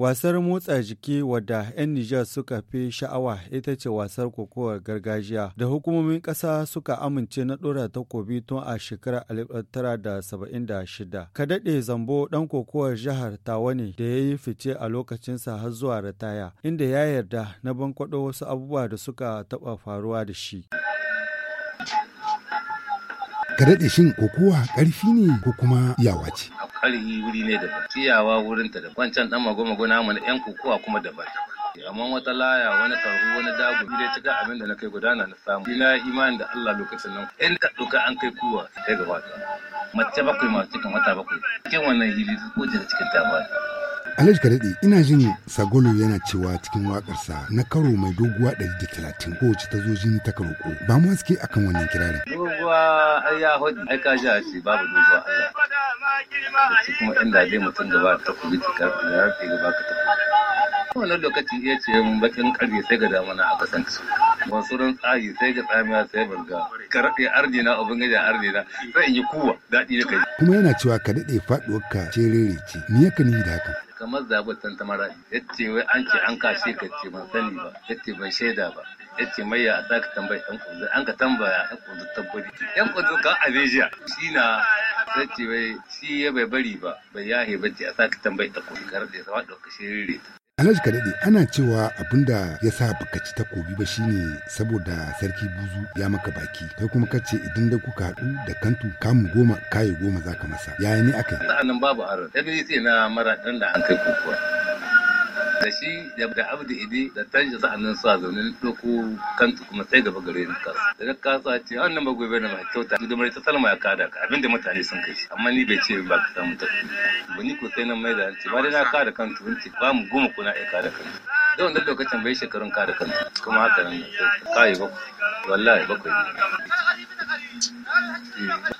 Wasar motsa jiki wadda 'yan Nijar suka fi sha'awa ita ce wasar kokowar gargajiya da hukumomin ƙasa suka amince na ɗora takobi tun a shekarar 1976. daɗe zambo ɗan kokowar jihar Tawane da ya yi fice a lokacinsa har zuwa ritaya, inda ya yarda na bankwaɗo wasu abubuwa da suka taɓa faruwa da shi. Ka daɗe shin kokowa ƙarfi ne ko kuma yawa ce? harigi wuri ne daban ciyawa wurin ta daban wancan dan mago-mago namu na yan kokowa kuma daban amma wata laya wani karhu wani dago ne. ta ga abin da na kai gudana na samu ina imani da Allah lokacin nan in ka duka an kai kuwa kai gaba mace bakwai ma cikin wata bakwai cikin wannan hili ko da cikin ta ba Alhaji Karaɗe ina jin Sagolo yana cewa cikin waƙarsa na karo mai doguwa 130 kowace ta zo jini ta karoko ba mu haske akan wannan kirarin. Doguwa ai ya hudu ai ka ji ce babu doguwa Allah. lokaci kuma inda zai mutum da ba ta kuɗi ta karfi da harfe ga baka ta kuɗi wani lokaci iya ce mun bakin ƙarfe sai ga damana a kasance wasu ran tsari sai ga tsamiya sai barga ka raɗe ardina abin gaja ardina sai in yi kuwa daɗi da kai kuma yana cewa ka daɗe faɗuwar ka ce rere ce me ya ka ni da haka kamar zaɓar ta mara ya ce wai an ce an kashe ka ce ban sani ba ya ce ban shaida ba ya ce mai ya a ka tambaya ɗan an ka tambaya an kunzu tabbari ɗan kunzu kan abejiya shi na sai ce wai shi ya bai bari ba bai yahe ba ce a saka tambayi ta kuma kar da ya sawa ɗauka rire Alhaji Kadade ana cewa abin da ya sa baka ci takobi ba shine saboda sarki buzu ya maka baki kai kuma ka ce idan da kuka haɗu da kantu kamu goma kaye goma zaka masa yaya ne aka yi. nan babu harin daga sai na mara ɗan da an kai kokowa. da shi da abdu idi da tanshi sa'annan sa zaune doko kanta kuma sai gaba gare ni kasa da na kasa ce wannan ba gobe na ma kyauta da mai ta salma ya kada ka abinda mutane sun kai amma ni bai ce ba ka samu ta ba ni ko sai nan mai da ce ba dai na kada kanta wunci ba mu goma kuna ya kada kan da wannan lokacin bai shekarun kada kan kuma haka nan kai ba wallahi bakwai